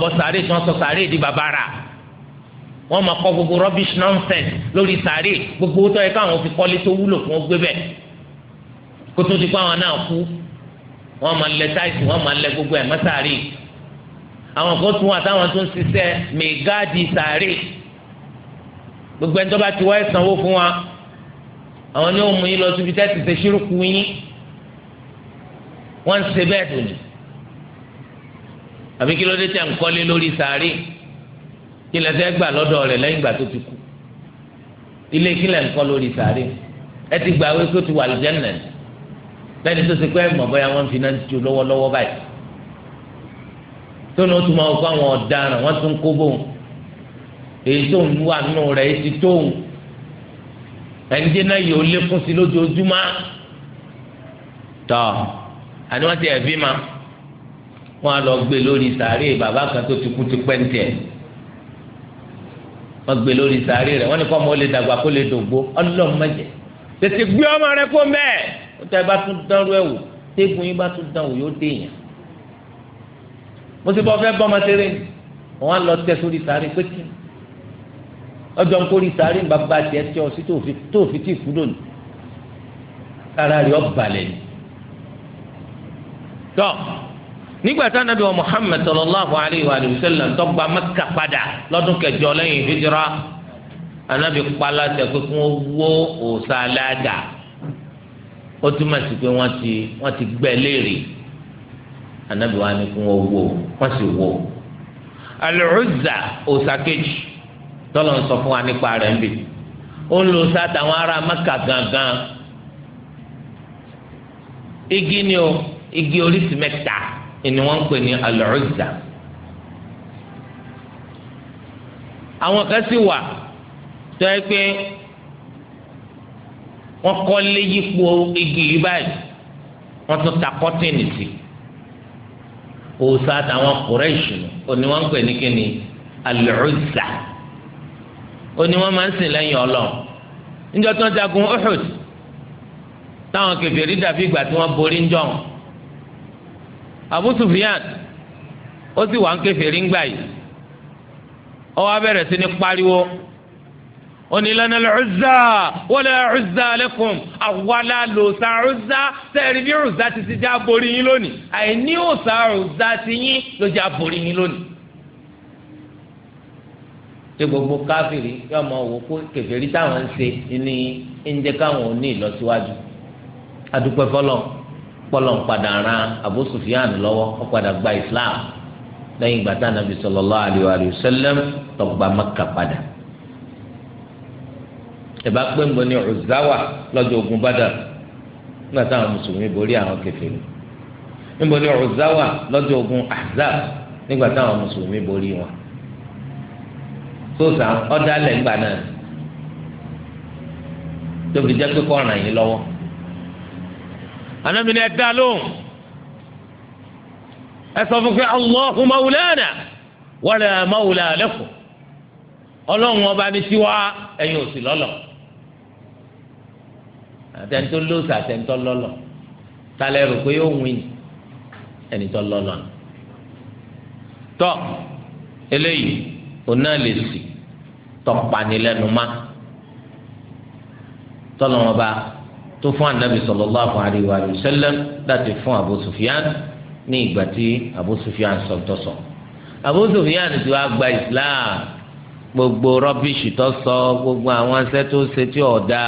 bọ sàárè tí wọ́n sọ sàárè di bàbàrà wọ́n máa kọ gbogbo rubbish nonsense lórí sàárè gbogbo tó yẹ káwọn fi kọ́lé tó wúlò fún ọgbẹ́ bẹ́ẹ̀ kó tó ti kó àwọn náà kú wọ́n máa lẹ táìsì wọ́n máa lẹ gbogbo ẹ̀ mọ́ sàárè àwọn kan tún àtàwọn tó ń ṣiṣẹ́ mẹ́gáàdì sàárè gbogbo ẹni tó bá ti wá ẹ̀sánwó fún wa àwọn ni ó mú yín lọ síbi tẹ́tì ṣe ṣírùkù yín wọ́n ń ṣe bẹ́ẹ̀ dùn àbí kí ló dé tẹ̀ ń kọ́lé lórí sàárè kí lẹ fẹ́ gbà lọ́dọ̀ rẹ̀ lẹ́yìn ìgbà tó ti kú ilé kí lẹ ń kọ́ lórí sàárè ẹ ti gbà wí pé tó wà lùjẹ́nà lẹ́ni tó ti pẹ́ mọ̀ bóyá wọ́n fi náà ju lọ́wọ́lọ́wọ́ báyìí tó ní o tún máa kó àwọn ọ̀daràn wọ́n tún kó bóun èyí tó ń wà nù rẹ̀ èyí ti tóun ẹnìdé náà yóò lékún sí lójoojúmọ́ tọ́ àni ti ẹ̀ bí ma wọn á lọ gbé lórí sàárè bàbá kan tó ti kú ti pẹ́ ntẹ̀ wọn gbé lórí sàárè rẹ̀ wọn ní kọ́ ọmọ lè dàgbà kó lè dògbó ọlọ́mọdé tètè gbé ọmọ rẹ kó mẹ́ẹ̀ ó tẹ́ bá tún dánrú ẹ̀ wò tẹ́gùn yín bá tún dán wò yóò déèyàn mo ti bọ́ fẹ́ bọ́ ọmọ tẹ́rẹ́ ni wọn á lọ tẹ́ sórí sàárè pé kí ni ọjọ́ ń kórìí sáré bàbá tiẹ̀ tí ọ sí tó fi tí kúrò ní kára rí ọ nígbà tí anabi wa muhammed sallallahu alayhi wa sallam tó gba mẹ́kà padà lọ́dún kẹjọ lẹ́yìn hijira anabi kpala tẹ pé kí wọ́n wó òòṣà aláàdá ó túmọ̀ sí pé wọ́n ti wọ́n ti gbẹ́ léèrè anabi wa ni kí wọ́n wó wọ́n sì wó al-Uzza òòṣà fún wa nípa rẹ̀ ń bì ó ará mẹ́kà gangan igi ni o igi oríṣi mẹ́ta ni wọ́n ń pè ní al-Uzza àwọn kan sì wà tó yẹ pé wọ́n kọ́ lé yípo igi yìí báyìí wọ́n tún ta kọ́tìnì sí òòṣà àtàwọn Quraysh ni wọ́n ń pè ní kíni al-Uzza wọn máa ń sìn lẹ́yìn Ọlọ́run níjọ́ tó ń jagun Uhud táwọn kèfèrí dàbí ìgbà tí wọn borí ń jọhún Abu Sufyan ó sì wà ń kèfèrí ńgbà yìí ó wá bẹ̀rẹ̀ sí ní pariwo oni lana lɔɔza wala ɔza alẹkùn awala lòsà ɔza sẹẹri bí ɔza ti ti já borí yín lónìí àìní òsà ɔza ti yín ló já borí yín lónìí. ṣé gbogbo káfíìrì yóò máa wò kó kèfèrí táwọn ń ṣe ni ń jẹ́ káwọn ò ní ìlọsíwájú adúpẹ́ fọlọ́n kpọlọ nkpadà ran Abu Sufyan lọ́wọ́ ọkpadà gba Islam lẹ́yìn gbàtà nàbì sallallahu alayhi wa sallam tó gba Mẹ́kà padà ìbá pé ní Uzawa lọ́jọ́ ogun Badr nígbà táwọn mùsùlùmí borí àwọn kèfèrí ń ní Uzawa lọ́jọ́ ogun azab. nígbà táwọn mùsùlùmí borí wọn sóòsà ọdálẹ ńgbà náà tóbi jẹ́ pé kọ ràn yín lọ́wọ́ anabi ni ẹ dá lóhùn ẹ sọ fún pé Allahu mawlana wala mawla lakum ọlọ́run ọba ní tiwa ẹ̀yin ò sì lọ́lọ́ àtẹnitọ́ lóòsì àtẹnitọ́ lọ́lọ́ talẹ̀ rò pé yóò win ẹnitọ́ lọ́lọ́ eléyìí ọ̀nà lè sì tọ́panilẹ́nu má tọ́lọ́run ọba tó fún anabi sallallahu alayhi wa sallam láti fún abu sufiyan ní ìgbà tí abu sufiyan sọtọ sọ abu sufiyan ti wá gba islam gbogbo rọbìṣì tó sọ gbogbo àwọn ẹsẹ tó ṣe tí ọ̀dà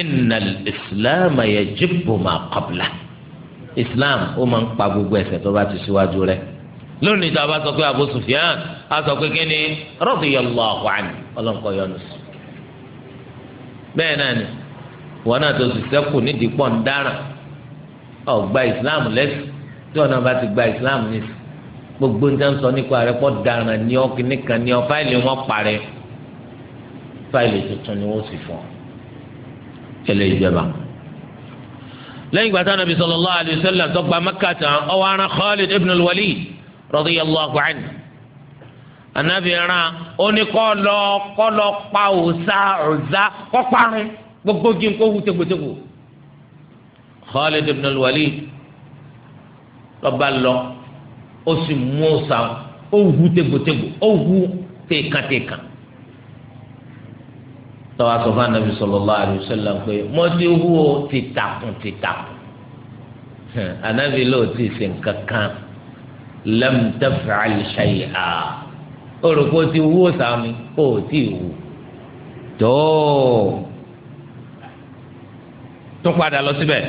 inna islam yajibu ma qabla islam ó máa ń pa gbogbo ẹ̀ṣẹ̀ tó bá ti ṣíwájú rẹ̀ lónìí tó a bá sọ pé abu a sọ pé kí ni radiyallahu anhu ọlọ́nkọ yọnu sí bẹ́ẹ̀ náà ni wọn náà tó sì sẹ́kù nídìí pọ̀ ń dáràn ọ̀ gba ìsìláàmù lẹ́sìn tí wọn náà bá ti gba ìsìláàmù lẹ́sìn gbogbo ń sọ nípa rẹ pọ̀ dáràn ní ọ kìnnìkan ní ọ fáìlì wọn parẹ́ fáìlì tuntun ni wọ́n sì fọ́ ẹlẹ́ ìjọba. lẹ́yìn ìgbà táwọn Nabi sallallahu alayhi wa sallam tó gba Mẹ́kà tán ọwọ́ ara Khalid ibn al-Walid radiyallahu anhu anabi ran ó ní kọ́ lọ kọ́ lọ pa òòsa ọ̀zá kọ́ parun gbogbo gi nǹkan wú tegbotegbo Khalid ibn al-Walid lọba lọ ó sì mú ọsà ó wú tegbotegbo ó wú tèkàtèkà tọ́wọ́ sọ́fà nàbì sallallahu alaihi wasallam pé mo ti wú o ti takùn ti takùn anabi ló ti ṣe nǹkan kan lam taf'al o rò pé o ti wú ọsà mi kó o ti wú tó tún padà lọ síbẹ̀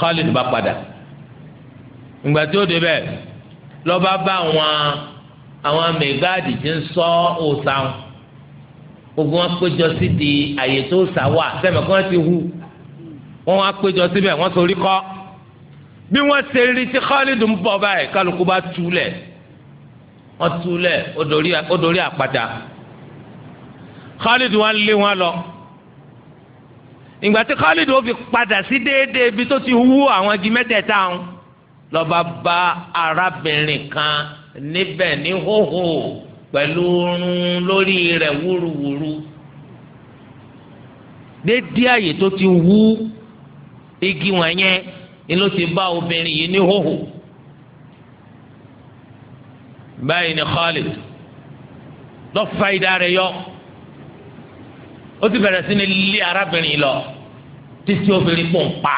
Khalid bá padà ìgbà tí ó débẹ̀ lọ́ba bá àwọn àwọn mẹgáàdì tí ń sọ òòsàn gbogbo wọn péjọ sí di àyè tó sà wà sẹ́mi kí wọ́n ti hu wọ́n wá péjọ síbẹ̀ wọ́n sorí kọ́ bí wọ́n ṣe rí tí Khalid ń bọ̀ báyìí kálukú bá túlẹ̀ wọ́n túlẹ̀ ó dorí àpáta Khalid wọn lé wọn lọ ìgbà tí Khalid ó fi padà sí déédéé ibi tó ti wú àwọn igi mẹ́tẹ̀ẹ̀ta ń lọ́ba bá arábìnrin kan níbẹ̀ ní hóhò pẹ̀lú oorun lórí rẹ̀ wúruwúru déédéé àyè tó ti wú igi wọ̀nyẹn ni ló ti bá obìnrin yìí ní hóhò báyìí ni Khalid lọ́ọ́ fa idà rẹ̀ yọ ó ti bẹ̀rẹ̀ sí ní lé arábìnrin lọ títí obìnrin pọ̀ ń pa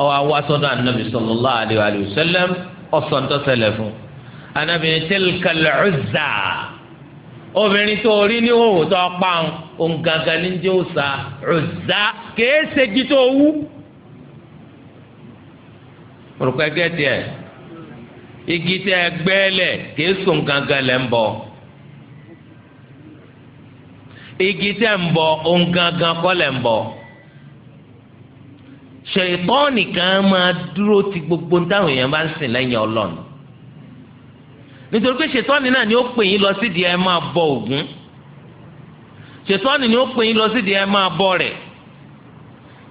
ọwọ́ awa sọ́dọ̀ anabi sallallahu alayhi wa sallam ọ̀sọ̀ntọ́ sẹlẹ̀ fún anabi tilkal uzza obìnrin tó rí ní òwò tó pa òun gangan ní jẹ́ òòṣà uzza kèé ṣèjì tó wú orúkọ ẹgbẹ́ tiẹ̀ igi tẹ ẹgbẹ́ lẹ̀ kèé sùn gangan lẹ̀ ń bọ̀ igi tẹ ń bọ̀ òun gangan kọ́ ń bọ̀. ṣètọ́ọ̀nì kan máa dúró ti gbogbo táwọn èèyàn bá ń sìn lẹ́yìn ọlọ́run nítorí pé ṣètọ́ọ̀nì náà ni ó pè yín lọ sídìí ẹ bọ ògún ṣètọ́ọ̀nì ni ó pè yín lọ sídìí ẹ máa bọ rẹ̀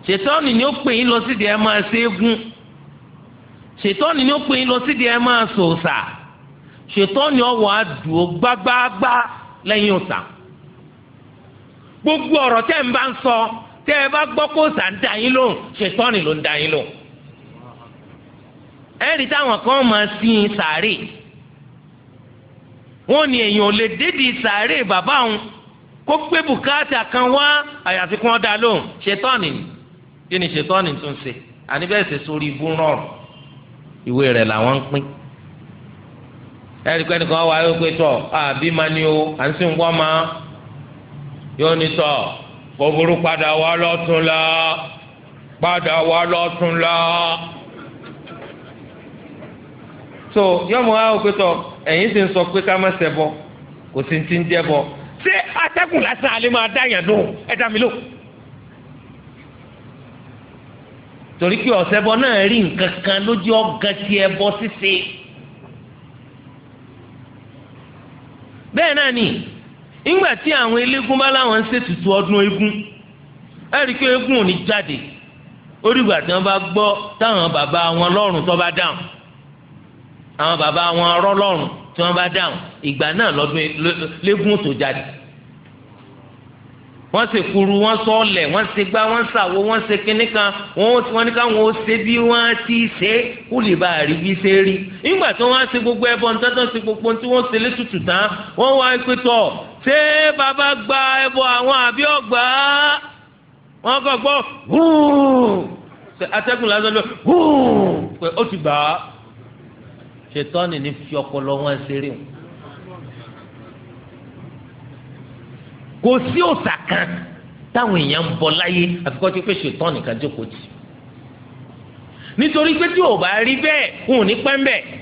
ṣètọ́ọ̀nì ni ó pè yín lọ sídìí ẹ máa ṣẹ́gun ṣètọ́ọ̀nì ni ó pè yín lọ sídìí ẹ máa ṣòṣà ṣètọ́ọ̀nì ọwọ́ àdùó gbágbáágbá gbogbo ọ̀rọ̀ tẹ́ bá ń sọ. tẹ́ ẹ bá gbọ́ kó sà ń dá yín lóhùn ṣètọ́nì ló ń dá yín lóhùn. ẹ̀rí táwọn kan máa sin sàárè wọ́n ní èèyàn ò lè dédì sàárè bàbá òun kó gbé bùkátà kan wá àyàfi kí wọ́n dá lóhùn ṣètọ́nì kí ni ṣètọ́nì tún ṣe àní sórí ibú rọrùn ìwé rẹ̀ làwọn ń pín ẹ̀rí pé wà á yọ pé tọ̀ àbí ma o à ń sìn wọ́n ma yóò ní tọ̀ kò burú padà wá lọ́tún la padà wá lọ́tún la. so yọmọ àwọn òpétọ ẹ̀yin sì ń sọ pé ká má ṣẹbọ kò sí ti ń jẹbọ ṣé atẹ́kùn lásán alẹ́ máa dá yàn dùn ẹ mi lò. torí kí ọ̀sẹ̀bọ náà rí nǹkan kan lójú ọ̀gán tí ẹ bọ́ ṣíṣe. bẹ́ẹ̀ náà ni ìgbà tí àwọn eléégún bá láwọn ń ṣètùtù ọdún eégún ẹ rí i pé eégún ò ní jáde orígbà tí wọ́n bá gbọ́ táwọn bàbá wọn lọ́rùn tó bá dáhùn àwọn bàbá wọn ọ̀rọ̀ lọ́rùn tí wọ́n bá dáhùn ìgbà náà lọ́dún e-, légún tó jáde wọ́n ṣe kuru wọ́n sọ ọ̀lẹ̀ wọ́n ṣe gbá wọ́n ṣàwo wọ́n ṣe kínní kan wọ́n ní káwọn ó ṣe bí wọ́n ti ṣe kó lè bá rí bí ṣe rí nígbà tí wọ́n ṣe gbogbo ẹbọ ní tọ́tọ́ ṣe gbogbo tí wọ́n ṣe létùtù tán wọ́n wá pé tọ́ ṣé bàbá gba ẹbọ àwọn àbí ọgbà wọn kọ gbọ́ atẹ́gùn lásán ló pé ó ti gbà á ṣètọ́ni ní fi ọpọlọ wọn ṣeré o kò sí òòṣà kan táwọn èèyàn ń bọ láyé àfikọ́ tí pé ṣètọ́ni kan jókòó tì nítorí pé tí ò bá rí bẹ́ẹ̀ òun ní pẹ́ńbẹ́ẹ́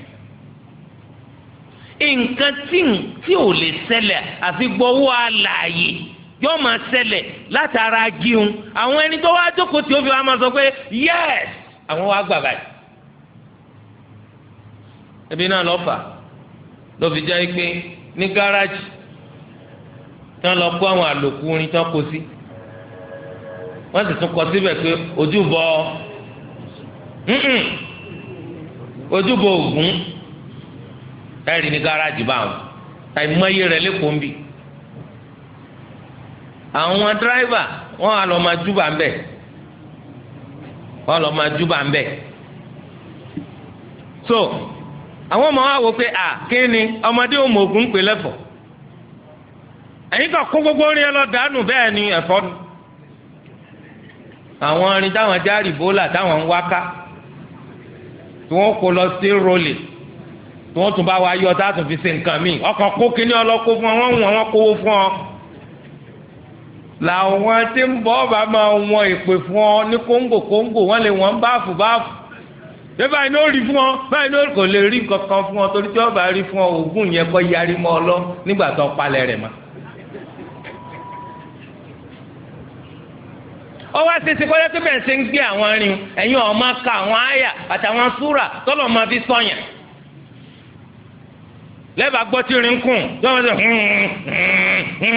nǹkan tí tí ò lè ṣẹlẹ̀ àfi gbọ́wọ́ àlàyé yóò máa ṣẹlẹ̀ látara gíun àwọn ẹni tó wá jókòó tí ó fi wá máa sọ pé yẹ́s àwọn wá gbà báyìí. ẹbí náà lọ fà ló fi jẹ́ pé ní gáràjì tí lọ kó àwọn àlòkù orin tí kó sí wọ́n sì tún kọ síbẹ̀ pé ojúbọ ojúbọ Ògún. ẹ̀rí ní gáràjì báwọn àìmọye rẹ̀ lẹ́kọ̀ọ́ ń bì àwọn dírẹ́fà wọn á máa júbà bẹ̀ máa júbà so àwọn ọmọ wa wò pé à kí ni ọmọdé ọmọ ogun ògùn pè lẹ́fọ̀ọ́ ẹ̀yin kan kó gbogbo orin ẹ dànù ni nù àwọn táwọn táwọn tí wọ́n tún bá wa yọ tá a tún fi ṣe nǹkan míì ọkàn kó kíní ọlọ́kó fún ọ wọ́n wọ̀n wọ́n kówó fún ọ. làwọn tí ń bọ́ bá máa wọn ìpè fún ọ ní kóńgò kóńgò wọ́n lè wọ́n báàfù báàfù. ṣé báyìí ló rí fún ọ báyìí ló kò lè rí kankan fún ọ torí tí wọ́n bá rí fún ọ oògùn yẹn kọ́ yarí mọ́ ọ lọ nígbà tó palẹ̀ rẹ̀ mọ́. ó wá ṣe ṣe tó bẹ̀rẹ̀ ṣe ń gbé àwọn arìnrìn ẹ̀yin ọ̀ lẹ́bàá gbọ́ tí rin kùn yọ̀wọ́n sọ hmm, hmm,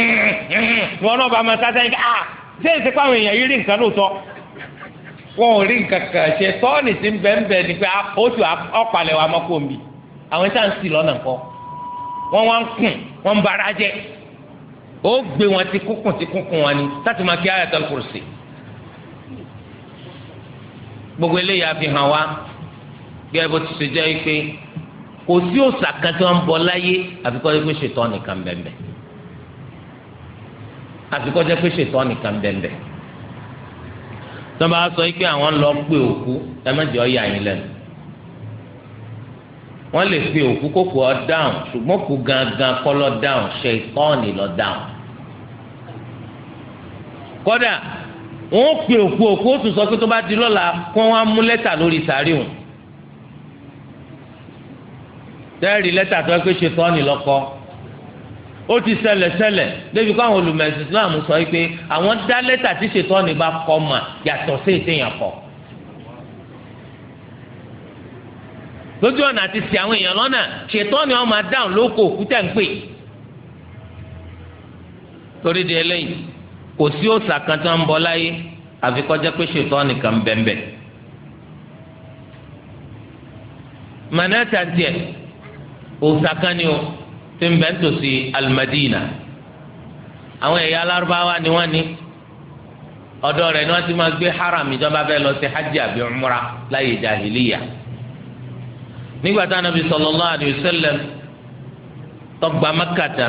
hmm, wọn náà bá máa sá sẹ́yìn ká ah, ṣé èsì pàwọn èèyàn yìí rí nǹkan lóòótọ́ wọn ò rí nǹkan kan ṣe tọ́ọ̀nì tí ń bẹ́ẹ̀ bẹ́ẹ̀ ni pé oṣù ọ̀pàlẹ̀ wa máa kó mi àwọn ìta ń sì lọ́nà kọ́ wọ́n wá ń kùn wọ́n ń bara jẹ́ ó gbé wọn ti kúnkùn ti kúnkùn wọn ni láti máa kí Ayatul Kursi gbogbo eléyàá fi hàn wá gẹ́gẹ́ bó ti ṣe jẹ́ pé kò sí òòsà kan tí wọ́n bọ láyé àfikọ́ jẹ́ pé ṣètọ́ nìkan bẹ̀m̀bẹ̀ àfikọ́ jẹ́ pé ṣètọ́ nìkan bẹ̀m̀bẹ̀ tó bá sọ pé àwọn lọ pé òkú ẹ má jẹ́ ọyà yín lẹ́nu wọ́n lè pe òkú kókó ọ dáhùn ṣùgbọ́n kú gangan kọ́ lọ dáhùn ṣètọ́ ni lọ dáhùn kódà wọ́n pe òkú òkú ó tún sọ pé tó bá di lọ́la kó wọ́n mú lẹ́tà lórí sàárì òun tẹ́ẹ̀rì lẹ́tà tó pé ṣetán ni lọ́kọ́ ó ti ṣẹlẹ̀ ṣẹlẹ̀ débi káwọn olùmọ̀ẹ̀sì Islam sọ pé àwọn dá lẹ́tà tí ṣetán ni bá kọ́ mà yàtọ̀ sí ìtẹ̀yàn kọ́ lójú ọ̀nà àti sí àwọn èèyàn lọ́nà ṣetán ni wọ́n máa dáhùn lóko òkúta ń pè torí di eléyìí kò sí òòsà kan tó ń bọ láyé àfi kọjá pé ṣetán nìkan bẹ́ẹ̀ bẹ́ẹ̀ mọ̀nẹ́ta tiẹ̀ òòṣà kan ni o tí ń bẹ ń tòsí alimadina àwọn ẹ̀yà alárúbáwá ni wọ́n ní ọ̀dọ̀ rẹ̀ ni wọ́n ti máa gbé haram ìjọba bẹ́ẹ̀ lọ sí hajj àbí umra láyé jahiliya nígbà tá anabi sallallahu alayhi wa sallam tó gba Makkata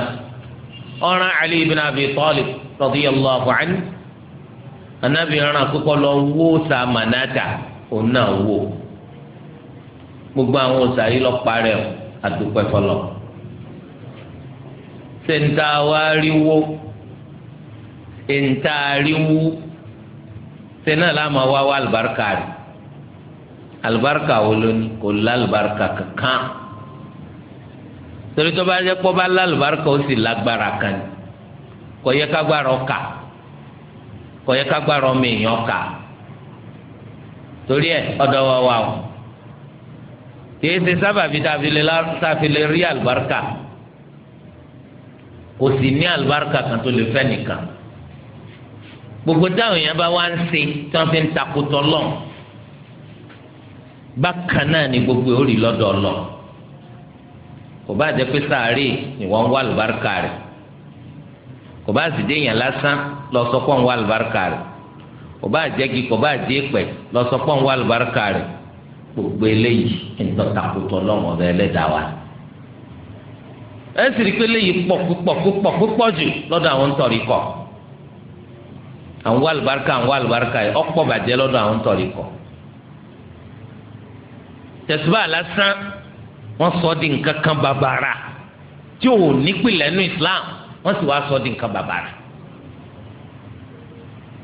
Ali ibn Abi Talib radiyallahu anhu anabi rán akókò lọ wó sa manata òun náà wó gbogbo àwọn òòṣà yìí lọ parẹ́ o àdúpẹ́ fọlọ́ ṣe ń ta wá ríwó ń ta ríwú ṣe náà láàmú wá wá àlùbáríkà rẹ̀ àlùbáríkà wo ló ní kò lá àlùbáríkà kankan torí tó bá jẹ́ pọ́ bá lá àlùbáríkà kan ní kò yẹ ká gbára ọkà kò yẹ kìí ṣe sábàbí tá a fi lè rí àlùbáríkà kò sì ní àlùbáríkà kan tó lè fẹ́ nìkan gbogbo táwọn èèyàn bá wá ń ṣe tí wọ́n fi ń takotọ́ lọ́n bákan náà ni gbogbo orí lọ́dọ̀ lọ kò bá jẹ́ pé sàárè ni wọ́n ń wá àlùbáríkà rẹ̀ kò bá sì dé èèyàn lásán lọ́sọ̀pọ̀ ń wá àlùbáríkà rẹ̀ kò bá jẹ́ kí kò bá dé pẹ̀ lọ́sọ̀pọ̀ ń wá àlùbáríkà rẹ̀ gbogbo eléyìí ntọ́takùtọ̀ lọ́wọ́ ọ̀bẹ ẹlẹ́dàá wa ẹ sì rí i pé eléyìí pọ̀ púpọ̀ púpọ̀ púpọ̀ jù lọ́dọ̀ àwọn ntọ́rí kọ̀ àwọn alùbáríkà àwọn alùbáríkà yìí ọ̀pọ̀ bàjẹ́ lọ́dọ̀ àwọn ntọ́rí kọ̀ tẹ̀síbà lásán wọ́n sọ di nǹkan kan bàbàrà tí ò nípìnlẹ̀ nínú Islam wọ́n sì wá sọ di nǹkan bàbàrà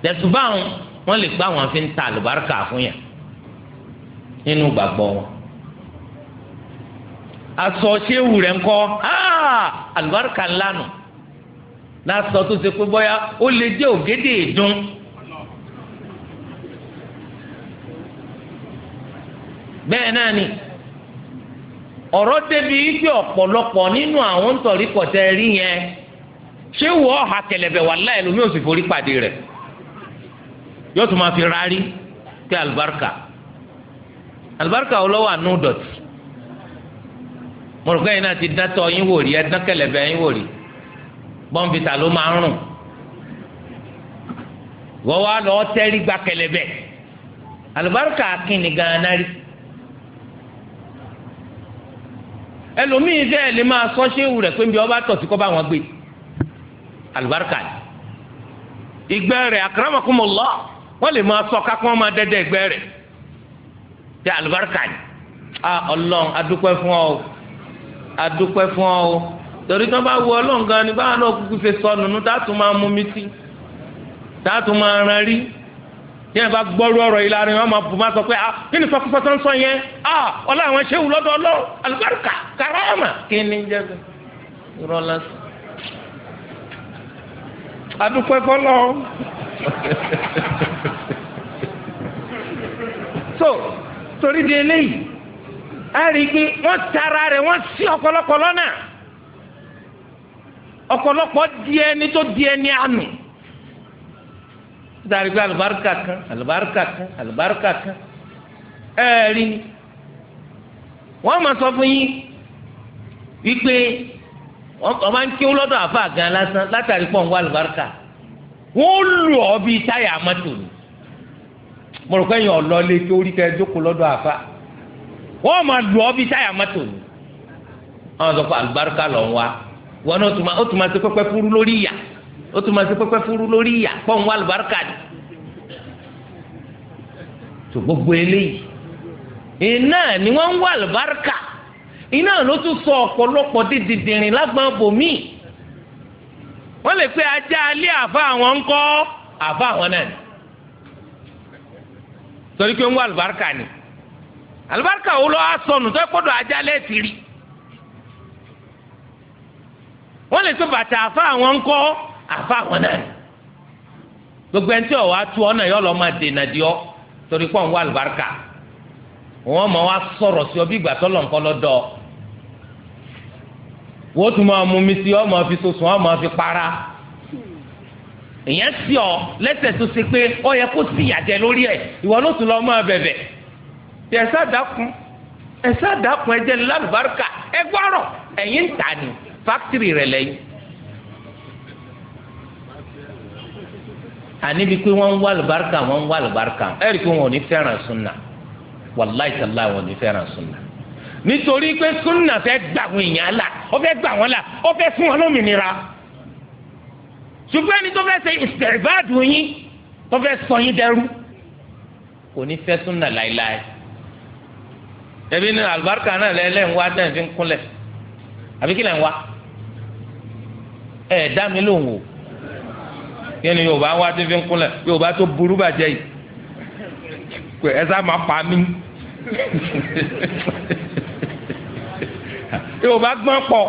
tẹ̀síbà wọn lè gbá wọn fi ń ta nínú gbàgbọ́ wọn. aṣọ ṣéwù rẹ̀ ń kọ́ ah! àlùbáríkà ńlá nù lásọ tó ṣe pé bọ́yá ó lè jẹ́ ògédè ìdún. bẹ́ẹ̀ náà ni ọ̀rọ̀ débi ọ̀pọ̀lọpọ̀ nínú àwọn ntọ̀ríkọ̀tẹ́ rí yẹn ṣé wọ́ ọ̀hà kẹlẹ̀bẹ̀ wà láì lómi alibarika wo lọ́wọ́ àánú dọ̀tí mọ̀rùkọ́ yìí náà ti dátọ̀ yín wò rí ẹ̀dán kẹlẹ̀bẹ̀ yín wò rí bọ́ǹfìtà ló máa ń rùn wọ́n wá lọ́ọ́ tẹ́rí gba kẹlẹ̀bẹ̀ alibarika akínni gan-an rí ẹlòmíín fẹ́ẹ́ lè máa sọ ṣéwù rẹ̀ pé nbí ọba wọn gbé alibarika ni ìgbẹ́ rẹ̀ lè máa sọ kákọ́ máa dẹ́dẹ́ ìgbẹ́ tẹ àlùbáríkà ni a ọlọ́run adúpẹ́ fún ọ adúpẹ́ fún ọ torí tí wọ́n bá wọ ọlọ́run gan ni báwọn náà kúkú ṣe sọ nùnú táàtún máa mú mi sí táàtún máa ran rí tí wọ́n bá gbọ́rú ọ̀rọ̀ yìí láàrin wọn máa bù máa sọ pé ah kí ni sọkúsọsọ ń sọ yẹn ah ọlọ́run àwọn ṣéwù lọ́dọ̀ ọlọ́run àlùbáríkà kàráàmà kí ni jẹ́ bẹ́ẹ̀ irọ́ lásán adúpẹ́ so torí di eléyìí a rí i pé wọ́n tara rẹ̀ wọ́n sí ọ̀pọ̀lọpọ̀ lọ́nà ọ̀pọ̀lọpọ̀ di ẹni tó di ẹni àmì dari pé alibarika kan alibarika kan alibarika kan ẹ̀ẹ́rì wọ́n máa sọ fún yín wípé wọ́n máa ń kí wọ́n lọ́dọ̀ àfa gan lásán látàrí pọ̀ ń wá alibarika wọ́n lù ọ́ bíi táyà amátò ni mo rò pé yẹn ọ̀ lọ lé kí orí kẹ́ jókòó lọ́dọ̀ àfa wọ́n máa lù ọ́ bí táyà mọ́tò ni àwọn sọ pé àlùbáríkà lọ ń wa wọn náà tún máa ó tún máa ṣe pẹ́pẹ́ fúru lórí ìyà ó tún máa ṣe pẹ́pẹ́ fúru lórí ìyà pọ̀ ń wá àlùbáríkà ni tó gbogbo eléyìí iná ni wọ́n ń wá àlùbáríkà iná ló tún sọ ọ̀pọ̀lọpọ̀ dídìdìrín lágbọn bòmí wọ́n lè pe ajá alẹ́ àfa àwọn ńkọ́ àfa àwọn náà torí pé ń wá àlùbáríkà ni àlùbáríkà wo lọ́wọ́ sọnù tó kọ́dọ̀ ajá lẹ́ẹ̀tì rí wọ́n lè tó bàtà àfa àwọn ńkọ́ àfa àwọn náà gbogbo ẹni tí ọ̀ wá tu ọ̀nà yọ̀ lọ́ máa dènà di ọ́ torí pé ń wá àlùbáríkà wọ́n mọ̀ wá sọ̀rọ̀ sí ọ bí ìgbà tọ́lọ̀ nǹkan lọ́dọ̀ wọ́n tún máa mú mi sí ọ máa fi soso ọ máa fi para èèyàn sí ọ lẹ́sẹ̀ tó ṣe pé ó yẹ kó sí ìyàjẹ lórí ẹ̀ ìwọ ló tún lọ́ọ́ máa bẹ̀bẹ̀ ẹ sá dákun ẹ sá dákun ẹ jẹ́ lálùbáríkà ẹ gbọ́rọ̀ ẹ̀yìn ń tà ní fákítìrì rẹ̀ lẹ́yìn. àníbi pé wọ́n ń wá àlùbáríkà wọ́n ń wá àlùbáríkà ẹ rí i pé wọn ò ní fẹ́ràn súnà wàláì sàlá wọn ò ní fẹ́ràn súnà nítorí pé súnà fẹ́ gbà wọn èèyàn là ó fẹ́ gbà wọn là ó fẹ́ fún wọn lómìnira ṣùgbọ́n ẹni tó fẹ́ ṣe ìsẹ̀fáàdù yín tó fẹ́ sọ yín dẹrú kò ní fẹ́ súnà láéláé ẹbí ní àlùbáríkà náà lẹ́lẹ́ ń wá dẹ́n fi ń kúnlẹ̀ àbí kílẹ̀ ń wá ẹ̀ dá mi lóhùn o yẹn ni yorùbá wá dẹ́n fi ń kúnlẹ̀ yorùbá tó burú bàjẹ́ yìí pé ẹ sá máa pa mí yorùbá gbọ́n pọ̀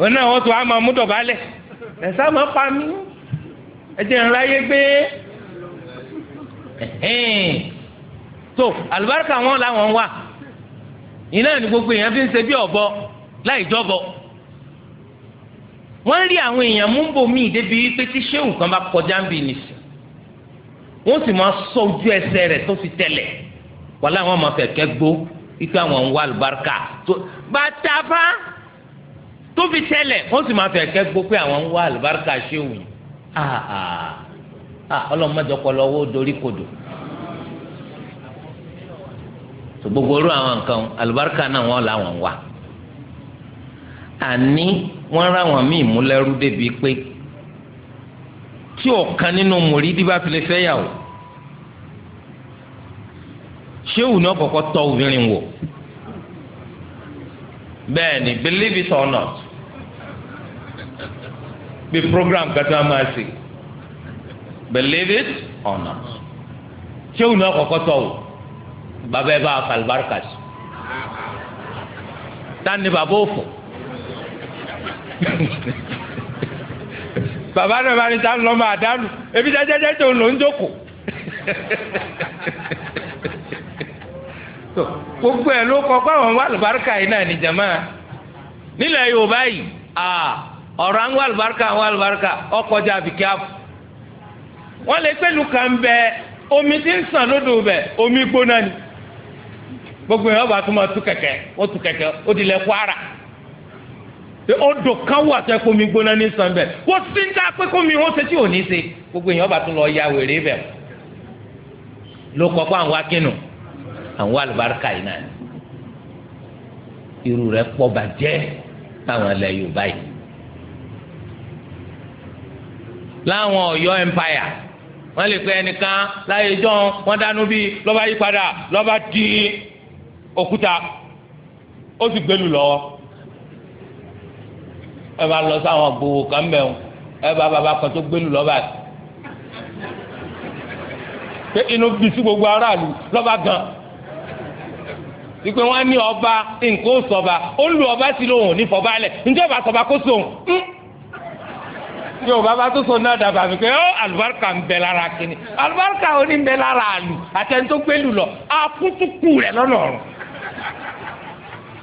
òun náà wọ́n tó a máa mú dọ̀bálẹ̀ ẹ sá máa pa mí ẹ jẹ́ ńláyé gbé tó àlùbáríkà wọn làwọn wà iná ní gbogbo èèyàn fi ń ṣe bí ọ̀bọ láì jọ́bọ wọ́n rí àwọn èèyàn mú bòmíì débi wípé tí ṣéwù kan bá kọjá ń bì nìsín wọ́n sì máa sọ ojú ẹsẹ̀ rẹ̀ tó fi tẹ̀lẹ̀ wàhálà wọn máa fẹ̀kẹ́ gbó ikú àwọn ń wá àlùbáríkà tó bàtàfà tó fi tẹ̀lẹ̀ wọ́n sì máa fẹ̀kẹ́ gbó pé àwọn ń wá àlùbáríkà ṣéwù yìí Ah, ah. Ah, ọlọ́run mẹ́jọ kọ́ lọ́wọ́ dorí kodò gbogbo orú àwọn nǹkan alùbáríkà náà wọ́n làwọn wa. àní wọ́n ráwọn míì mú lẹ́rú débi pé tí ọ̀kan nínú mùrídìí bá fi lè fẹ́ yà o ṣéwù ni ọkọ̀ọ̀kọ̀ tọ́ obìnrin wò bẹ́ẹ̀ ni believe it or not bí program kata máa ṣe believe it or not ṣé òun náà kọ̀kọ́ tọ̀ o bàbá ẹ bá àfàlùbáríkà sí tani bàbá òfò bàbá náà bá ní ta lọ́ máa dánù ebi jẹ́jẹ́jẹ́ tó ń lò ń jókòó gbogbo ẹ̀ ló kọ́ pé àwọn àlùbáríkà yìí náà ní jàmáà nílẹ̀ Yorùbá yìí aa. Ah. ọ̀rọ̀ àwọn alubarika àwọn alubarika ọkọjá àbíkí àbù wọ́n lè pẹ̀lú kan bẹ omi tí ń sàn lódò bẹ omi gbóná ni gbogbo yẹn ọba tó máa tú kẹ̀kẹ́ kwara pé odò kan wà kó omi gbóná ní sàn bẹ wọ́n ti ń dá pé gbogbo yẹn ya wèrè ló àwọn akínú àwọn alubarika yìí náà irú bàjẹ́ láwọn Ọ̀yọ́ empire wọ́n lè pe ẹnìkan láyé jọ wọ́n dánú bí lọ́ba yí padà lọ́ba di òkúta ó sì gbẹ́lú lọ́wọ́ ẹ bá lọ sáwọn gbowó kan mẹ́wọ́n ẹ bá bàbá kan tó gbẹ́lú lọ́ba yìí pé inú bí sí gbogbo aráàlú lọ́ba gan ìpè wọn ní ọba nǹkan ó sọba ó lu ọba sí lóhùn ní fọba alẹ ọba sọba kó sóhùn. Hmm yóò bàbá tó sọ náà dàbà mi pé ọ oh, alùbáríkà ń bẹ lára kínní alùbáríkà ò ní bẹ lára àlù àtẹnudó gbẹlú lọ akutuku rẹ lọnà ọrùn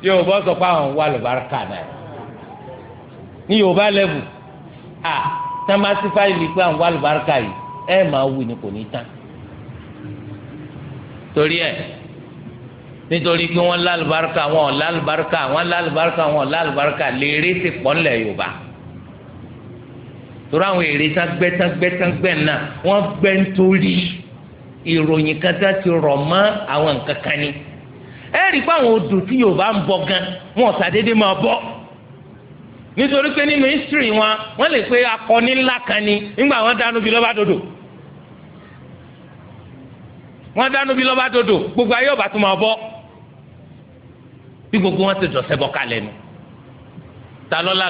yóò bọ sọ pé àwọn wà alùbáríkà náà ní yorùbá lẹ́bù à tamasi fáìlì pé àwọn wà alùbáríkà yìí ẹ máa wù ní kò ní tán torí ẹ nítorí pé wọn lálùbáríkà wọn lálùbáríkà wọn lálùbáríkà wọn lálùbáríkà lérè ti pọ̀ ńlẹ̀ yorùbá torí àwọn èrè tágbẹ́tágbẹ́tágbẹ́ náà wọ́n gbẹ́ nítorí ìròyìn kan tá ti rọ̀ mọ́ àwọn nǹkan kan ni ẹ rí i pé àwọn odò tí Yorùbá ń bọ gan wọn ṣàdédé máa bọ́ nítorí pé nínú history wọn wọ́n lè pé akọni ńlá kan ni nígbà wọ́n dánú bí lọ́ba dodo wọ́n dánú bí lọ́ba dodo gbogbo ayé ọba tó máa bọ́ bí gbogbo wọn ti dọ̀sẹ̀ bọ́ kalẹ̀ nu ta lọ́la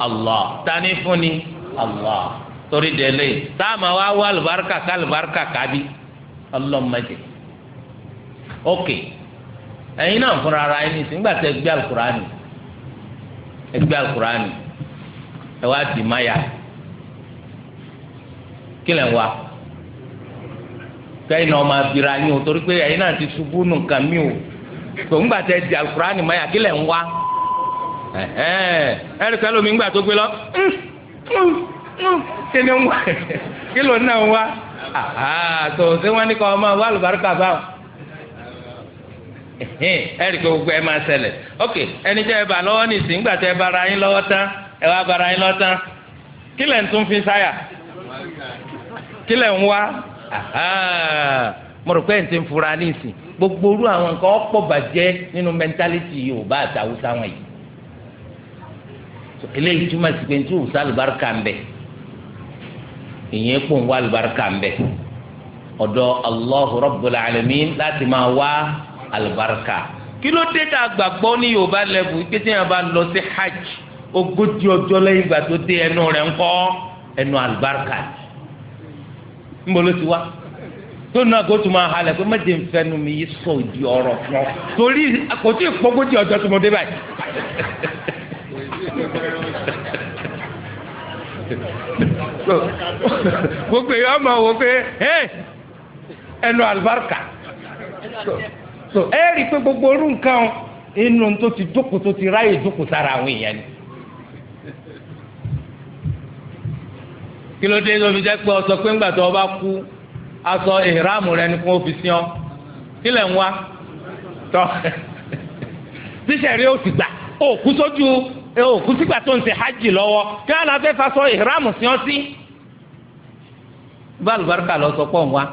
allah tani fún ni allah torí délé táàmà wá wá alùbáríkà ká alùbáríkà bi ọlọ́mọdé ok ẹ̀yin náà fúnra ara yín nísìnyí nígbà tẹ́ gbé alukurani gbé alukurani ẹ wá kí lẹ̀ wá náà ma bira torí pé náà ti nù kàmí o gbà di alukurani ẹ̀rí kan lómi ńgbà tó gbé lọ mm, mm, mm. kí ni ń wá kí ló náà ń wá tó ṣé wọ́n ní kọ́ ọmọ wa lùbáríkà ok ẹni ẹ lọ́wọ́ ńgbà tẹ́ ẹ bára yín lọ́wọ́ tán ẹ wá bára yín lọ́wọ́ tán kí lẹ̀ ń tún fi sáyà kí lẹ̀ ń wá mo rò pé ẹ̀ eléyìí túmọ̀ sí pé ní tí o sá àlùbáríkà ń bẹ ìyẹn pò ń wá àlùbáríkà ń bẹ ọ̀dọ̀ Allahu Rabbul Alamin láti máa wá àlùbáríkà kí ló dé tá a gbàgbọ́ ní Yorùbá lẹ́bù pé tí yẹn bá lọ sí hajj ogójì ọjọ́ lẹ́yìn ìgbà tó dé ẹnu rẹ̀ ń kọ́ ẹnu àlùbáríkà ń bọ̀ ló ti wá tó náà kó tó máa halẹ̀ pé méje ń fẹnu mi yìí sọ ìdí ọ̀rọ̀ fún ọ torí kò tí ì pọ́gójì ọjọ́ tó mo dé báyìí. gbogbo èèyàn máa wò pé ẹnu àlùbáríkà so ẹ rí i pé gbogbo orú nǹkan inú tó ti jókòó tó ti ráyè jókòó sára àwọn èèyàn ni. kí ló dé ló fi jẹ́ pé ọ̀sọ̀ pé ńgbà tó o bá kú aṣọ ìhìrámù rẹ ni kò fi sí ọ kí lẹ̀ ń wá tọ́ tíṣẹ̀rí o ti gbà ó kú sójú ẹ ò kú sígbà tó ń ṣe hajj lọ́wọ́ kí wọn lọ fẹ́ fasọ ìhìrámù sí ọ sí. bá àlùbáríkà lọ sọ pọ̀ wá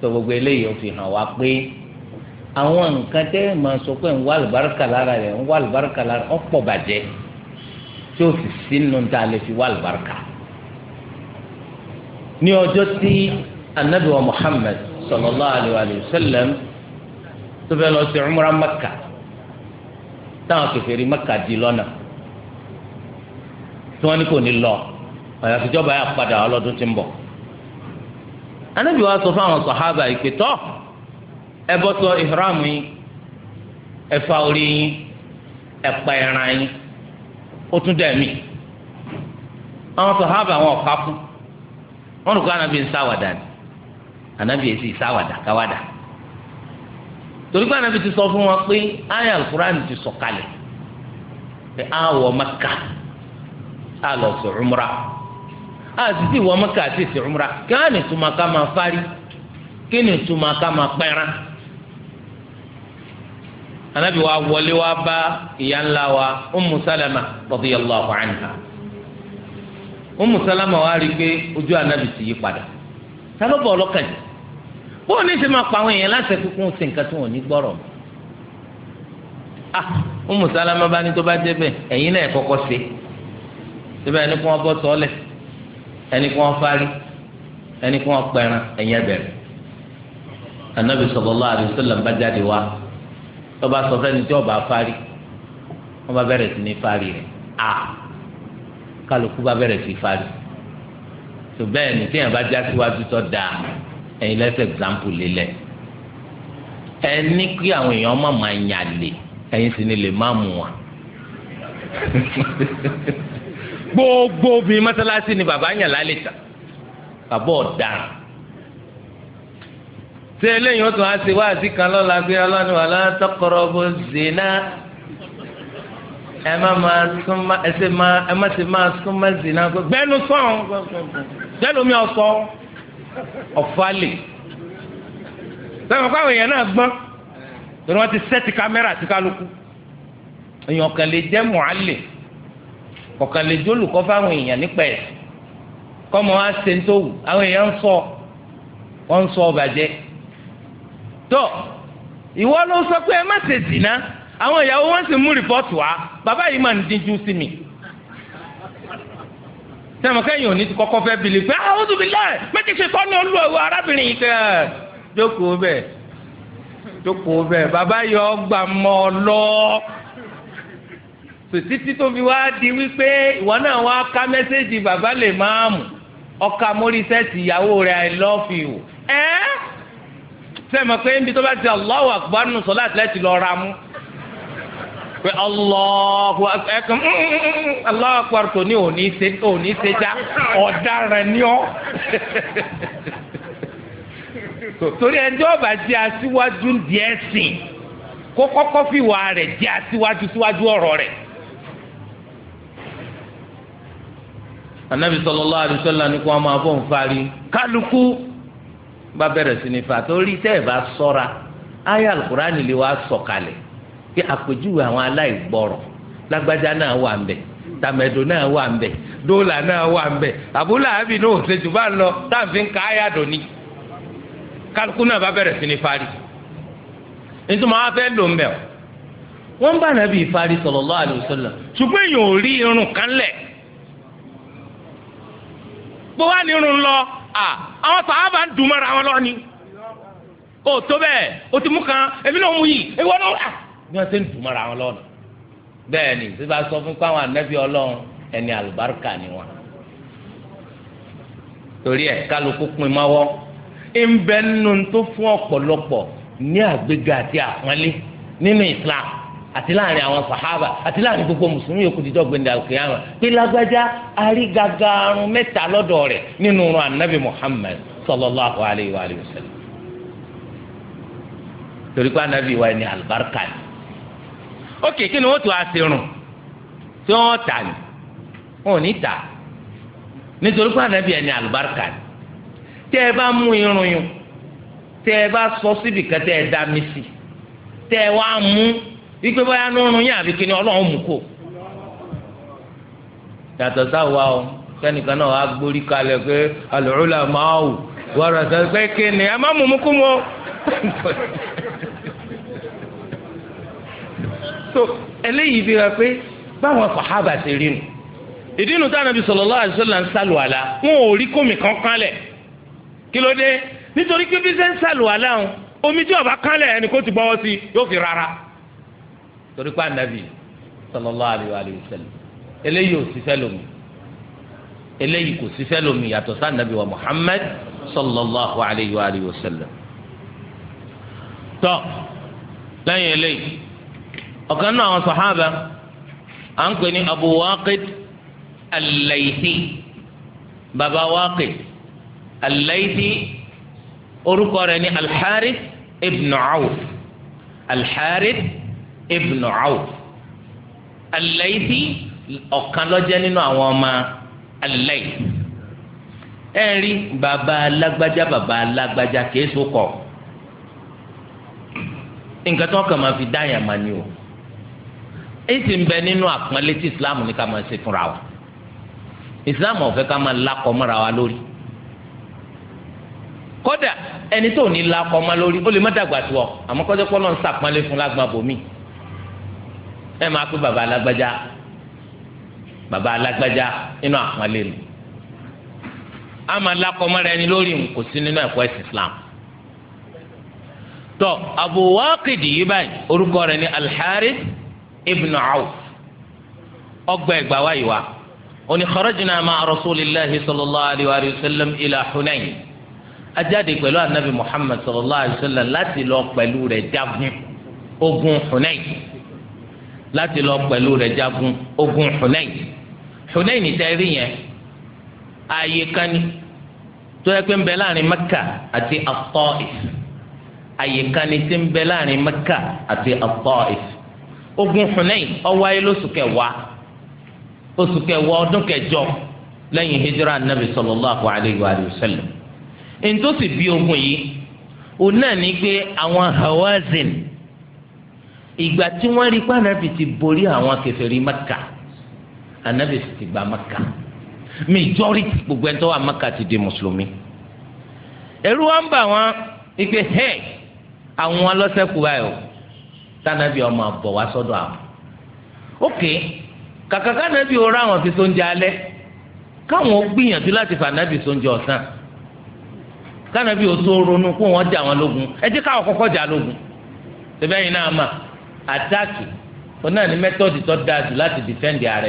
tó gbogbo eléyìí ò fi hàn wá pé àwọn nǹkan tẹ́ ẹ̀ máa sọ pé ń wá àlùbáríkà lára rẹ̀ ń wá àlùbáríkà lára ọ̀pọ̀ bàjẹ́ tí ó sì sínú tá lè fi wá àlùbáríkà. ní ọjọ́ tí anabiwa Muhammad sallallahu alaihi wa sallam tó fẹ́ lọ sí umrah Makkah táwọn kèfèrí Mẹ́kà di lọ́nà tí wọ́n ní kò ní lọ àyàfi ìjọba yà padà ọlọ́dún tí ń bọ̀ anábì wa sọ fáwọn sọ̀hábà ìpè tọ́ ẹ bọ́ sọ ìhìrámù yín ẹ fa orí yín ẹ pa ẹran yín ó tún dẹ̀ mí àwọn sọ̀hábà wọn ọ̀ka fún wọn rò pé anábì ń sáwàdà ni anábì èsì sáwàdà káwàdà torí pé ànábì ti sọ fún wọn pé àyà alukur'an ti sọ kalẹ̀ pé a wọ maka a lọ sí umra a sì ti wọ maka àti sí umra kí á ní tuma ká máa fárí kí ní tuma ká máa pẹ́ran ànábì wa wọlé wa bá ìyá ńlá wa ummu salama radiyallahu anha ummu salama wa rí i pé ojú ànábì ti yí padà ta bọ̀ ọlọ́kàn yìí bóun ní ṣe máa pa àwọn èèyàn láti ẹkúnkún sí nǹkan tí wọn ò ní gbọ́rọ̀ mọ́ ah ọmọ sálámà bá ní tó bá débẹ ẹ̀yin náà kọ́kọ́ ṣe síbẹ̀ ẹni kí wọ́n bọ́ sọ́ọ́lẹ̀ ẹni kí wọ́n fárí ẹni kí wọ́n pẹran ẹ̀yin ẹ̀bẹ̀rẹ̀ anabi sallallahu alaihi wasallam bá jáde wá tó bá sọ fẹ́ni tí ọba fárí wọ́n bá bẹ̀rẹ̀ sí ní fárí rẹ̀ ah kálukú bá bẹ̀rẹ̀ sí fárí tó bẹ́ẹ̀ ni téèyàn bá já síwájú tó dáa ẹ̀yin lẹ́sẹ̀ example lélẹ̀ ẹ ní kí àwọn èèyàn má máa yàn lè ẹ̀yin sì ni lè má mú wa gbogbo mi mọ́sálásí ni bàbá yàn lálẹ́ tà bàbá ọ̀daràn ṣé eléyìí ó tún á ṣe wáàsí kan lọ́la pé ọlọ́ni wà lọ́la tọkọrọ bó zina ẹ má máa súnmọ́ ẹ má ṣe máa súnmọ́ zina gbẹ́nu sọ̀rọ̀ gbẹ́nu mi ọ̀ ọ̀fálè sọ́yìn kọ́ àwọn èèyàn náà gbọ́n torí wọ́n ti sẹ́ẹ̀tì kámẹ́rà sí kálukú èèyàn kàn lè jẹ́ mọ̀álè kọ̀kan lè jólùkọ́ fáwọn èèyàn nípa ẹ̀ kọ́mọ wa ṣe ń tó wù àwọn èèyàn ń sọ wọ́n ń sọ ọ̀bàjẹ́ tó ìwọ ló sọ pé ẹ má ṣe zìnà àwọn ìyàwó wọn sì mú rìpọ́ọ̀tù wá bàbá yìí mà ń díjú sí mi sẹ́wọ̀n kẹ́yìn òní ti kọ́kọ́ fẹ́ bìlì pé àwọn òdùbí lẹ̀ mẹ́tẹ̀ẹ̀sì kọ́ ni olú ẹ̀wọ̀ arábìnrin yìí kẹ́ ẹ̀ jókòó bẹ́ẹ̀ jókòó bẹ́ẹ̀ bàbá yọ gbà mọ́ ọ lọ. tòtítí tó fi wá di wípé ìwọ náà wá ká mẹ́sẹ́ẹ̀jì bàbá lè máa mú ọkà mórí ìyàwó rẹ̀ i love you. ẹ́ sẹ́wọ̀n pé níbi tó bá ti Allahu Akbar nù sọ́lá pé Allahu ẹkùn mm, mm, mm, Allahu akbar tó ní òní ṣe òní ṣe já ọ̀daràn ni ọ́ torí ẹjọ́ ọba jẹ́ aṣíwájú díẹ̀ sìn kó kọ́kọ́ fìwà rẹ̀ jẹ́ aṣíwájú síwájú ọ̀rọ̀ rẹ̀. anabi sallallahu alaihi wasallam ni kó wọn máa bọ̀ ń fari kálukú bá bẹ̀rẹ̀ sí ní fa torí tẹ́ ẹ̀ bá sọ́ra ayé alukurani lè wá sọ̀kalẹ̀. So pé àpèjúwe àwọn aláìgbọràn lágbájá náà wà ń bẹ tàmẹdò náà wà ń bẹ dóòlà náà wà ń bẹ àbúlà àbí náà ò ṣèjú bá ń lọ táàfin ká yàdọ ni kálukú náà bá bẹ̀rẹ̀ sí ní fari nítorí wọn fẹ́ lò ń bẹ̀ wọ́n bá nàbí ìfari sallallahu alaihi wasallam ṣùgbọ́n èèyàn ò rí irun kan lẹ̀ bó wà ní irun lọ àwọn sàábà ń dùn mọ́ra wọn lọ ni ó tó bẹ́ẹ̀ ó ti mú kan èmi náà mú yìí èmi náà bí wọ́n ṣe ń dùn mọ́ra wọn lọ́nà bẹ́ẹ̀ ni bí wọ́n sọ fún pé àwọn ànábì ọlọ́run ẹni àlùbáríkà ni wọn. torí ẹ kálukú pin máwọ́ ń bẹ nínú tó fún ọ̀pọ̀lọpọ̀ ní àgbéga àti àpọ́nlé nínú Islam àti láàrin àwọn sàhábà àti láàrin gbogbo mùsùlùmí yòókù dídọ́ gbẹ̀ndẹ̀ àlùkìyàmà pé lágbájá arígagarun mẹ́ta lọ́dọ̀ rẹ̀ nínú ọ̀run ànábì Muhammad sallallahu alayhi wa sallam torí pé ànábì wa ni àlùbáríkà ni ókè kí ni wọ́n tó aṣèrùn tí wọ́n tà ní wọn ò ní tà nítorí pé ànábì ẹni àlùbáríkà ni tẹ́ ẹ bá mú irun yun tẹ́ ẹ bá sọ síbi kan tẹ́ ẹ dá mi sí tẹ́ ẹ wá mú wípé bóyá nínú yín àbí kíni ọlọ́run mú kó yàtọ̀ sáwa o sẹ́nìkan náà wàá gbórí kalẹ̀ pé al-ulama máa wò wọ́n rẹ̀ sọ ẹ má mú mú kú mọ́. so eléyìí fi hàn pé báwọn sàhábà ṣe rí nu ìdí nu táwọn Ànábì sallallahu alaihi wasallam ń sálù àlá wọn ò rí kómi kan kánlẹ̀ kí ló dé nítorí pé bí ṣe ń sálù àlá wọn omi tí ó bá kánlẹ̀ ẹni kó ti gbọ́wọ́ sí yóò fi rárá torí pé Ànábì sallallahu alaihi wasallam eléyìí ò sí fẹ́ eléyìí kò sí fẹ́ yàtọ̀ sí Ànábì wa Muhammad sallallahu alaihi wasallam tọ́ lẹ́yìn eléyìí ọ̀kan náà àwọn sàhábà à ń pè ní Abu Waqid Al-Laythi baba Waqid Al-Laythi orúkọ rẹ̀ ní Al-Harith ibn Awf Al-Harith ibn Awf Al-Laythi ọ̀kan ló jẹ́ nínú àwọn ọmọ Al-Layth baba alágbájá baba alágbájá kìí sókọ nǹkan tó kàn máa fi dáyà máa ní o èsì ń bẹ nínú àpọ́nlé tí islam ní ká máa ṣe fúnra wa islam ò fẹ́ ká máa lakọ mọ́ra wa lórí kódà ẹni tó ní lakọ mọ́ lórí ó lè má dàgbà tó ọ àmọ́ kọ́jọ́ pọ́n náà ń sàpọ́nlé fún lágbọ́n bòmí ẹ máa pé bàbá alágbájá bàbá alágbájá nínú àpọ́nlé nù a máa lakọ mọ́ra ẹni lórí kò sí nínú ẹ̀kọ́ ẹ̀sìn islam tọ́ Abu Waqidi yìí báyìí orúkọ rẹ̀ ní al ibn Awf ọgbà ẹgbà wáyé wa oní kharajna ma'a rasulillahi sallallahu alayhi wa sallam ila Hunayn ajáde pẹ̀lú anabi Muhammad sallallahu alayhi wa sallam láti lọ pẹ̀lú rẹ̀ jagun ogun Hunayn láti lọ pẹ̀lú rẹ̀ jagun ogun Hunayn Hunayn ní tẹ́rí yẹn ààyè kan ní tó yẹ pé ń bẹ láàrin Mẹ́kà àti At-Taif ààyè kan ní tí ń bẹ láàrin Mẹ́kà àti At-Taif ogun Hunain ó wáyé lóṣù kẹwàá oṣù kẹwàá ọdún kẹjọ lẹ́yìn hijira anabi sallallahu alayhi wa sallam ntòsí bí ogun yìí òun náà ní pé àwọn hawazin ìgbà tí wọ́n rí pé anabi ti borí àwọn kèfèrí Mẹ́kà anabi sì ti gba Mẹ́kà majority gbogbo ẹni tó wà ti di mùsùlùmí ẹ̀rù wa ń bà wọ́n ipe hẹ́ẹ̀ àwọn ọlọ́sẹ̀kù báyìí o tànàbí ọmọ abọ wa sọ́dọ̀ àwọn. ok kàkà kanabi oró àwọn fi sóúnjẹ alẹ́ káwọn gbìyànjú láti fà nàbí sóúnjẹ ronú kó jà wọn lógun ẹ jẹ́ káwọn kọ́kọ́ jà lógun tẹ́fẹ́ yìí náà mà àtàkì òun náà ní mẹ́tọ́dì tó dáa jù láti dìfẹ́ǹdì ara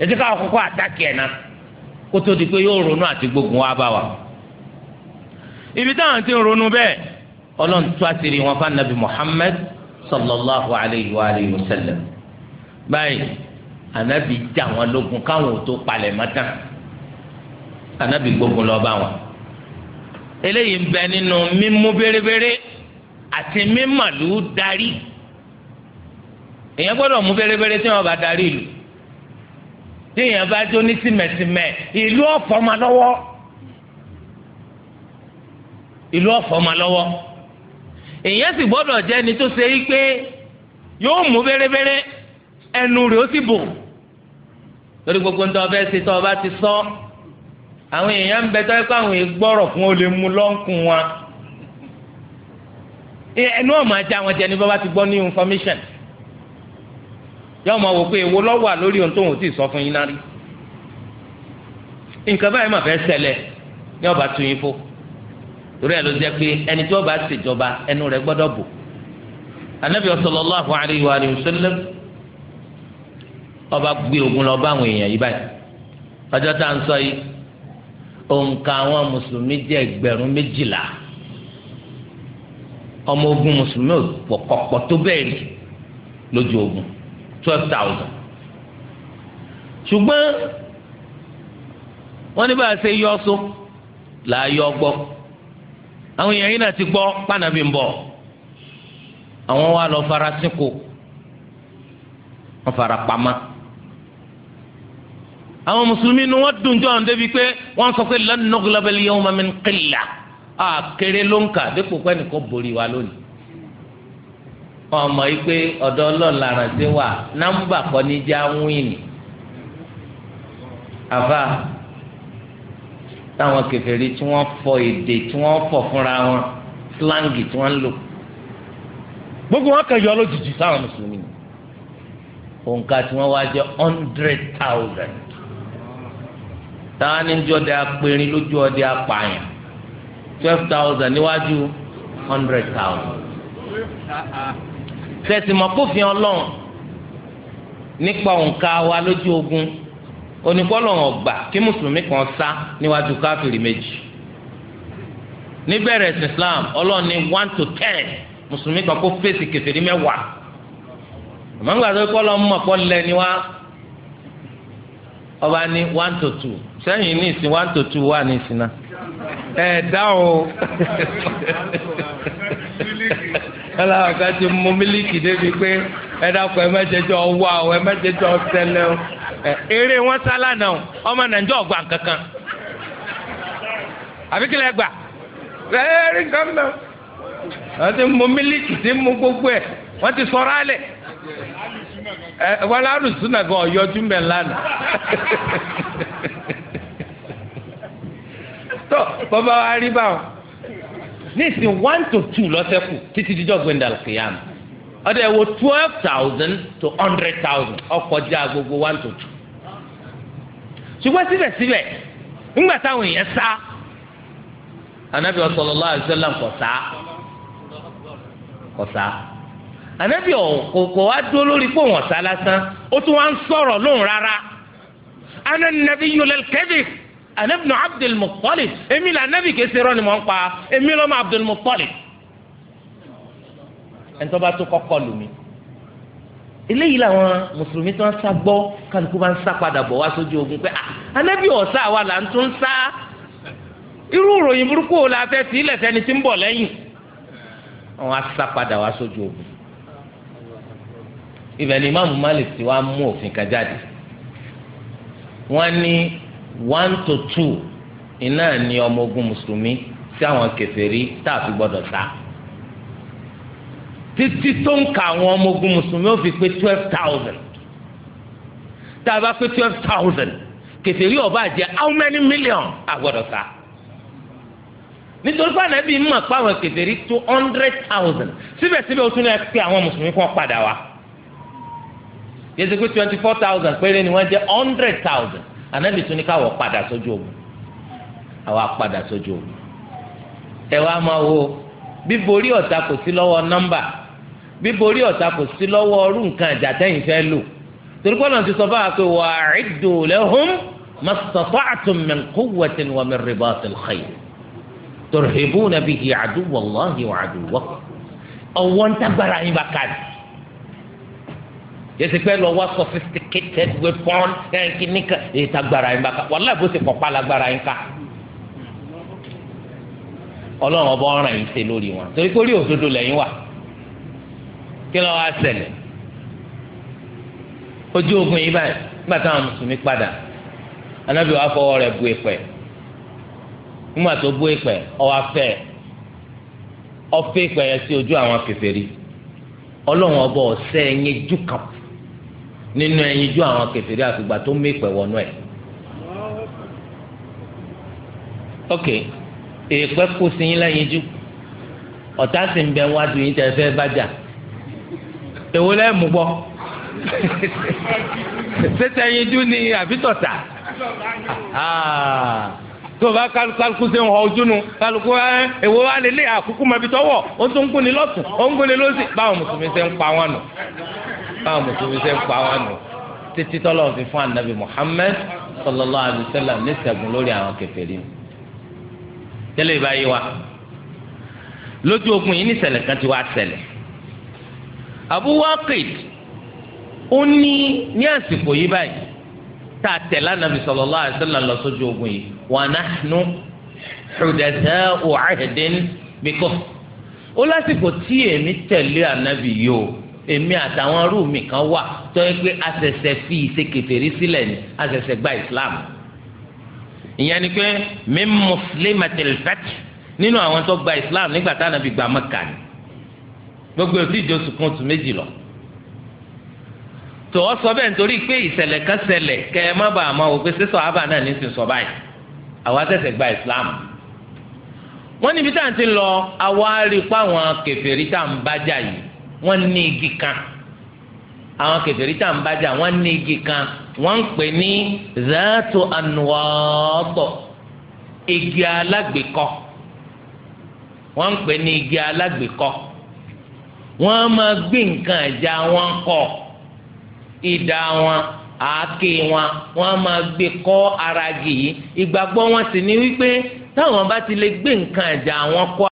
ẹ káwọn àtàkì náà kó di pé yóò ronú àti bá wa. ibi táwọn ti ń ronú tó sallallahu alayhi wa alayhi wa sallam báyìí anabi dá wọn lógun káwọn ò tó palẹ̀ mọ́ tán anabi gbógun lọ bá wọn eléyìí ń bẹ nínú mímú bérebére àti mímàlú darí èèyàn gbọ́dọ̀ mú bérebére tí wọ́n bá darí ìlú tí èèyàn bá jó ní tìmẹ̀tìmẹ̀ ìlú ọ̀fọ̀ ma lọ́wọ́ ìlú ọ̀fọ̀ ma lọ́wọ́ èèyàn sì gbọ́dọ̀ jẹ́ ẹni tó ṣe é pé yóò mú bérebére ẹnu rẹ̀ ó sì bò lórí gbogbo ń tọ́ ọ bẹ́ẹ̀ ṣe tọ́ ọ bá ti sọ àwọn èèyàn ń bẹ tọ́ pé àwọn ìgbọ́rọ̀ fún ó lè mú lọ́nkùn wa ẹnu ọ̀ máa já wọn jẹ ní bábá ti gbọ́ ní information yóò máa wò pé èwo lọ́ wà lórí ohun tóun ti sọ fún yín náà rí nǹkan báyìí mà fẹ́ ṣẹlẹ̀ ní ọba tún yín fún torí ẹ ló jẹ pé ẹni tí wọn bá ṣèjọba ẹnu rẹ̀ gbọ́dọ̀ bò anabi sallallahu alayhi wa sallam ọba gbé ogun lọ bá àwọn èèyàn yìí báyìí ọjọ́ tá à ń sọ yìí òǹkà àwọn mùsùlùmí jẹ́ ẹgbẹ̀rún méjìlá ọmọ ogun mùsùlùmí ò pọ̀pọ̀pọ̀ tó bẹ́ẹ̀ rí lójú ogun twelve thousand ṣùgbọ́n wọ́n ní bá a ṣe yọ ọ́ so yọ ọgbọ́n àwọn èèyàn yìí náà ti gbọ́ pànàbí ń bọ̀ àwọn wa lọ fara sínkù wọ́n fara pamọ́ àwọn mùsùlùmí ni wọ́n dùn jọ àwọn débi pé wọ́n sọ pé lan nughlaba al-yawma min qilla àkèrè ló ń kà dípò pé ẹnìkan borí wa lónìí ọmọ yìí pé ọ̀dọ̀ Ọlọ́run làrán sí wa nọ́mbà kọ níjà wíìnì àbá táwọn kèfèrí tí wọ́n fọ èdè tí wọ́n fọ fúnra wọn slangi tí wọ́n lò gbogbo wọn kàn lójijì sáwọn mùsùlùmí òǹkà tí wọ́n wá jẹ́ hundred thousand táwọn níjọ ọdẹ apẹrin lójú ọdẹ apààyàn twelve thousand níwájú hundred thousand tẹ̀sìmọ́kófin ọlọ́run nípa òǹkà wa lójú ogun onípọ́lọ́hàn gbà kí mùsùlùmí kan sá níwájú káfíìrì méjì níbẹ̀rẹ̀ ẹ̀sìn Islam ọlọ́run ní one to ten mùsùlùmí kan kó fèsì kèfèrí mẹ́wàá àmọ́ nígbà tó kọ́ lọ́mú ọ̀pọ̀ lẹ́ ni wá ọba ní one to two sẹ́yìn ní ìsìn one to two wà ní ìsìn náà ẹ̀ dá o ọlọ́run kan ti mú mílíkì débi pé ẹ dákun ẹ mẹ́jẹ̀ẹ́jọ́ wá o ẹ mẹ́jẹ̀ẹ́jọ́ tẹ́lẹ̀ o. eré wọn sálá náà ọmọ nàìjọ gbà kankan àbí gbà ẹ náà wọ́n ti mú mílíkì mú gbogbo ẹ̀ wọ́n ti sọ̀rọ̀ alẹ̀ ẹ lárùn súnà gan lánàá tó wa rí nísìn one to two kù títí kìyàmù twelve thousand to hundred thousand to two. ṣùgbọ́n síbẹ̀síbẹ̀ ńgbà táwọn èèyàn sá anabi sallallahu alaihi wasallam kò sá kò sá anabi kò wá dúró lórí pé wọ́n sá lásán ó tún wá ń sọ̀rọ̀ lóhùn rárá ana nabiyyu lal kadhib anabi Abdul Muttalib èmi là anabi kìí ṣe rọ́ọ̀nì mọ́ ń pa èmi lọ́mọ Abdul Muttalib ẹ̀ńtọ́ bá tó kọ́kọ́ lù eléyìí làwọn mùsùlùmí tí wọ́n sá gbọ́ kálukú bá ń sá padà bọ̀ wá sójú ogun pé anábì ah, ọ̀sá wa là ń tún sá irú ìròyìn burúkú la fẹ́ sí ilẹ̀ sẹ́ni tí ń bọ̀ lẹ́yìn àwọn á sá padà wá sójú ogun ibẹ̀ ni imáàmù Malik ti wá mú òfin kan jáde wọ́n ní one to two iná ni ọmọ ogun mùsùlùmí sí àwọn kèfèrí tá a fi gbọ́dọ̀ sá títí tó ń ka àwọn ọmọ ogun mùsùlùmí ó fi pé twelve thousand tá a bá pé twelve thousand kèfèrí ọba jẹ́ how many million àgbọ̀dọ̀ ká nítorí pé ànábì mọ̀ pé àwọn kèfèrí two hundred thousand síbẹ̀síbẹ̀ ó tún lè pe àwọn mùsùlùmí kan padà wá yẹsẹ pé twenty four thousand péré ni wọ́n jẹ́ hundred thousand ànábì tún ní káwọ̀ padà sójú ogun àwa padà sójú ogun ẹ wá máa wo bíborí ọ̀tá kò sí lọ́wọ́ nọ́mbà bíborí ọ̀tá kò sí lọ́wọ́ ọrú nǹkan àjà tẹ́yìn fẹ́ lò torí pọ́nà ti sọ báwa pé wà á ìdò lẹ́hùn mọ́tòtò àtúnmẹ̀n kúwẹ̀tìn wà mí rìbá àtìlẹ́yìn tòrìbù nàbí hi àdúgbò lọ́hì wà àdúgbò ọwọ́ ń tágbára yín bá káàdì yẹsi pé lọ wá sophisticated weapon ẹnkì níkà èyí tágbára yín bá ká wàhálà bó ti pọ̀pá lágbára yín ká ọlọ́run ọba ọ̀ràn yìí ṣe lórí wọn torí pé orí òdodo lẹ́yìn wà kí ló wá ṣẹlẹ̀ ojú ogun yìí báyìí nígbà táwọn mùsùlùmí padà anábì wa fọwọ́ rẹ̀ bu ìpẹ́ nígbà tó bu ìpẹ́ ọwọ́ afẹ́ ọfẹ́ ìpẹ́ yẹn sí ojú àwọn kèfèrí ọlọ́run ọba ọ̀sẹ́ ẹyin jù kàn nínú ẹyin jù àwọn kèfèrí àfìgbà tó mú ìpẹ́ wọnú ẹ̀ ok èèpẹ́ kó sí yín lẹ́yìn jù ọ̀tá sì ń bẹ wájú yín tẹ́ fẹ́ bá jà èwo lẹ́ẹ̀ mú bọ́ tẹ́tẹ́ yín dún ní àbítọ̀tà ah. tó o bá kálukú ṣe ń họ ojú nu kálukú ẹ èwo wa lè lé àkúkú mọbi tọwọ ó tún ń gúnni lọ́tùn ó ń gúnni lósì báwọn mùsùlùmí ṣe ń pa wọn nù báwọn mùsùlùmí ṣe ń pa wọn nù títí tọ́lọ̀ fi fún anabi Muhammad sallallahu alaihi wasallam ní ṣẹ́gun lórí àwọn kèfèrí mi tẹ́lẹ̀ ìbáyé wa lójú ogun yìí ní ṣẹlẹ̀ kan ti wá ṣẹlẹ̀. Abu Waqid ó ní ní àsìkò yìí báyìí tá a tẹ̀lé anabi sallallahu alaihi wasallam lọ sójú ogun yìí wa nahnu hudatha'u 'ahdin bikuh ó lásìkò tí èmi tẹ̀lé anabi yìí o èmi àtàwọn arú mi kan wà tó yẹ pé àṣẹ̀ṣẹ̀ fi ìṣe kèfèrí sílẹ̀ ni àṣẹ̀ṣẹ̀ gba islam ìyẹn ni pé min muslimatil fath nínú àwọn tó gba islam nígbà tá anabi gba Mẹ́kà gbogbo ètò ìjọsìn kan oṣù méjì lọ tò ọ sọ bẹ́ẹ̀ nítorí pé ìṣẹ̀lẹ̀ kan ṣẹlẹ̀ kẹ ẹ má bàa máa wò pé sísọ àbá náà ní ti sọ báyìí àwa tẹ̀sẹ̀ gba ìsìláàmù wọ́n níbi tá à ń ti lọ àwa rí i àwọn kèfèrí tá à ń bájà yìí wọ́n ní igi kan àwọn kèfèrí tá à ń bájà wọ́n ní igi kan wọ́n ń pè ní zaatu anuwaatọ igi alágbèkọ wọ́n ń pè ní igi alágbèkọ wọ́n á máa gbé nǹkan ẹ̀já wọn kọ̀ ìdá wọn àáké wọn wọ́n á máa gbé kọ́ ara gì ìgbàgbọ́ wọn sì ni wípé táwọn bá ti lè gbé nǹkan ẹ̀já wọn kọ́